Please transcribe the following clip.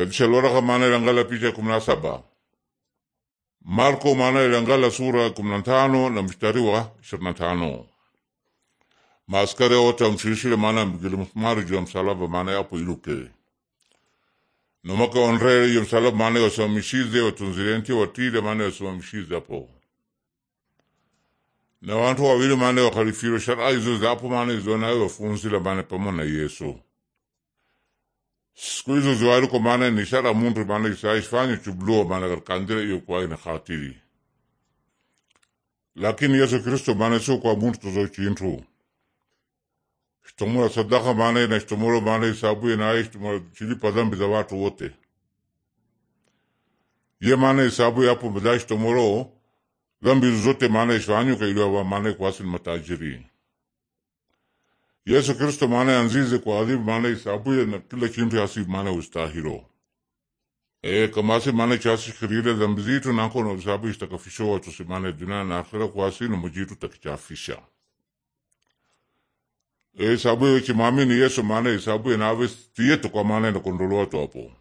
Galishalora maana ilangala picha ya kumi na saba Marko maana ilangala sura ya kumi na tano na mstari wa ishirini na tano Maaskari wote wamshirishile maana mbigile msumari juu ya msalaba maana yapo iluke nomaka onrele hiyo msalaba maana wasimamishize watunzile nti watile maana wasimamishize hapo na wantu wawili maana wakalifiro sharai izo zapo maana izonayo wafunzile maana pamo na Yesu siku hizo ziwaruko maana ni ishara muntu maana saisfanye chubulua maana karikandira iyo kwa ina khatiri lakini yesu kristo maana sio kwa muntu tozo chintu shitomura sadaka maana na shitomura maana isabu na shilipa dhambi za watu wote ye maana isabu yapo badai shitomuro dhambi zote maana ishanyuka iliwa maana kuasili matajiri Yesu Kristo maana anzize kwa adhibu maana isabuye na kila kintu asi maana ustahiro e kamasi maana chasikirire dhambi zitu nako na isabu istakafisho watu maana dunia na akhira kwasi e, na mujitu takichafisha e isabu ye mamini Yesu maana isabu na nawe tiyetu kwa maana na kondolo watu hapo